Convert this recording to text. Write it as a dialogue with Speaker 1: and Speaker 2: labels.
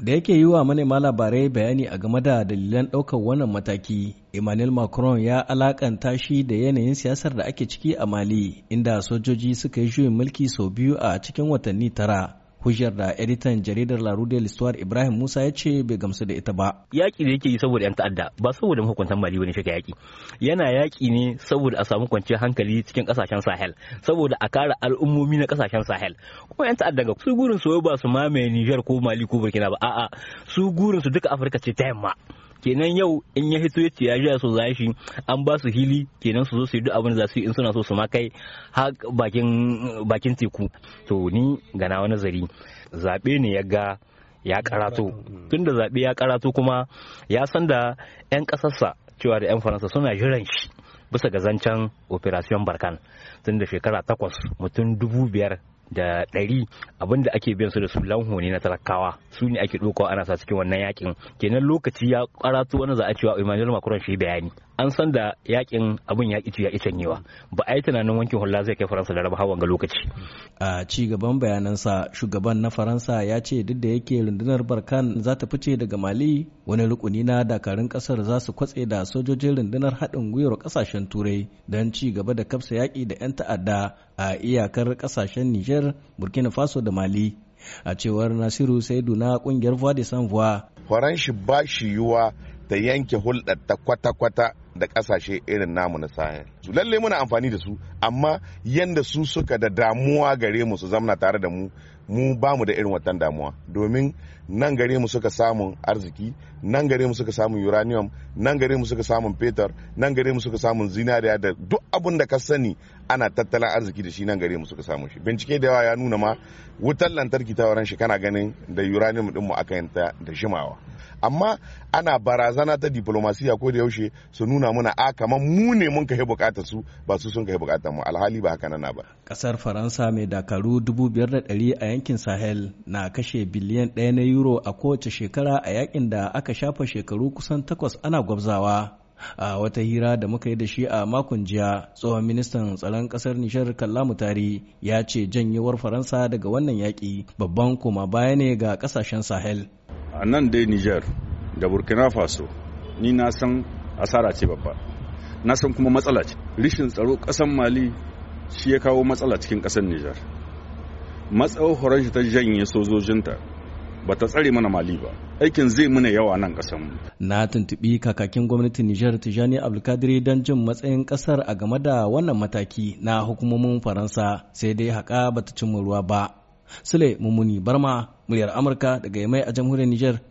Speaker 1: da yake yi wa manema labarai bayani a game da dalilan ɗaukar wannan mataki emmanuel macron ya alakanta shi da yanayin siyasar da ake ciki a mali inda sojoji suka yi juyin mulki sau biyu a cikin watanni tara hujjar da editan jaridar La Rue Ibrahim Musa ya ce bai gamsu da ita ba.
Speaker 2: Yaƙi da yake yi saboda 'yan ta'adda ba saboda mahukuntan Mali bane shiga yaƙi. Yana yaƙi ne saboda a samu kwanciyar hankali cikin ƙasashen Sahel saboda a kare al'ummomi na ƙasashen Sahel. Kuma 'yan ta'adda ga su gurin su ba su mamaye Niger ko Mali ko Burkina ba a'a su gurin su duka Afirka ce ta yamma. kenan yau in ya hito yace ya ji so za shi an ba su hili kenan su zo su yi duk abin da za su yi in suna so su makai kai bakin teku to ni ga nawa nazari zabe ne ya ga ya karato tunda zaɓe ya karato kuma ya san da 'yan kasarsa cewa da 'yan faransa suna jiran shi bisa ga zancen operation barkan tun shekara takwas mutum dubu biyar da ɗari abin da ake biyan su da su lanho ne na talakawa su ne ake ɗaukawa ana sa cikin wannan yakin kenan lokaci ya karatu wani za a cewa Emmanuel Macron shi bayani an san da yakin abin ya ya canyewa ba a yi tunanin wankin hula zai kai faransa da raba hawan ga lokaci
Speaker 1: a ci gaban bayanansa shugaban na faransa ya ce duk da yake rundunar barkan za ta fice daga mali wani rukuni na dakarun kasar za su kwatse da sojojin rundunar haɗin gwiwar kasashen turai don ci gaba da kafsa yaƙi da 'yan ta'adda a iyakar kasashen niger burkina faso da mali a cewar nasiru saidu na kungiyar
Speaker 3: voix de sans faranshi ba shi yiwa ta yanke hulɗar ta kwata-kwata da kasashe irin namu na sahel su lalle muna amfani da su amma yanda su suka da damuwa gare mu su zamna tare da mu mu ba mu da irin watan damuwa domin nan gare mu suka samun arziki nan gare mu suka samun uranium nan gare mu suka samun fetur nan gare mu suka samun zinariya da duk abin da ka sani ana tattalin arziki da shi nan gare mu suka samu shi bincike da yawa ya nuna ma wutar lantarki ta wurin shi kana ganin da uranium din mu aka yanta da shimawa amma ana barazana ta diplomasiya ko da yaushe su nuna nuna mana a ah, kamar mu ne mun kai bukatar su ba su sun kai bukatar mu alhali ba haka nana ba
Speaker 1: kasar faransa mai dakaru 5,100 a yankin sahel na kashe biliyan ɗaya na euro a kowace shekara a yakin da aka shafa shekaru kusan takwas ana gwabzawa a wata hira da muka yi da shi a makon jiya tsohon ministan tsaron kasar nishar kallamutari tari ya ce janyewar faransa daga wannan yaƙi babban koma baya ne ga ƙasashen sahel
Speaker 4: a nan dai Nijar da burkina faso ni na san asara ce babba na san kuma matsala ce rishin tsaro kasan mali shi ya kawo matsala cikin ƙasar nijar matsawar shi ta janye sojojinta ba ta tsare mana mali ba aikin zai muna yawa nan ƙasar mu
Speaker 1: na tuntubi kakakin gwamnatin Nijar Tijani Abdulkadiri don jin matsayin ƙasar a game da wannan mataki na hukumomin Faransa sai dai haƙa bata cimma ruwa ba Sule Mumuni Barma muryar Amurka daga Yamai a jamhuriyar Nijar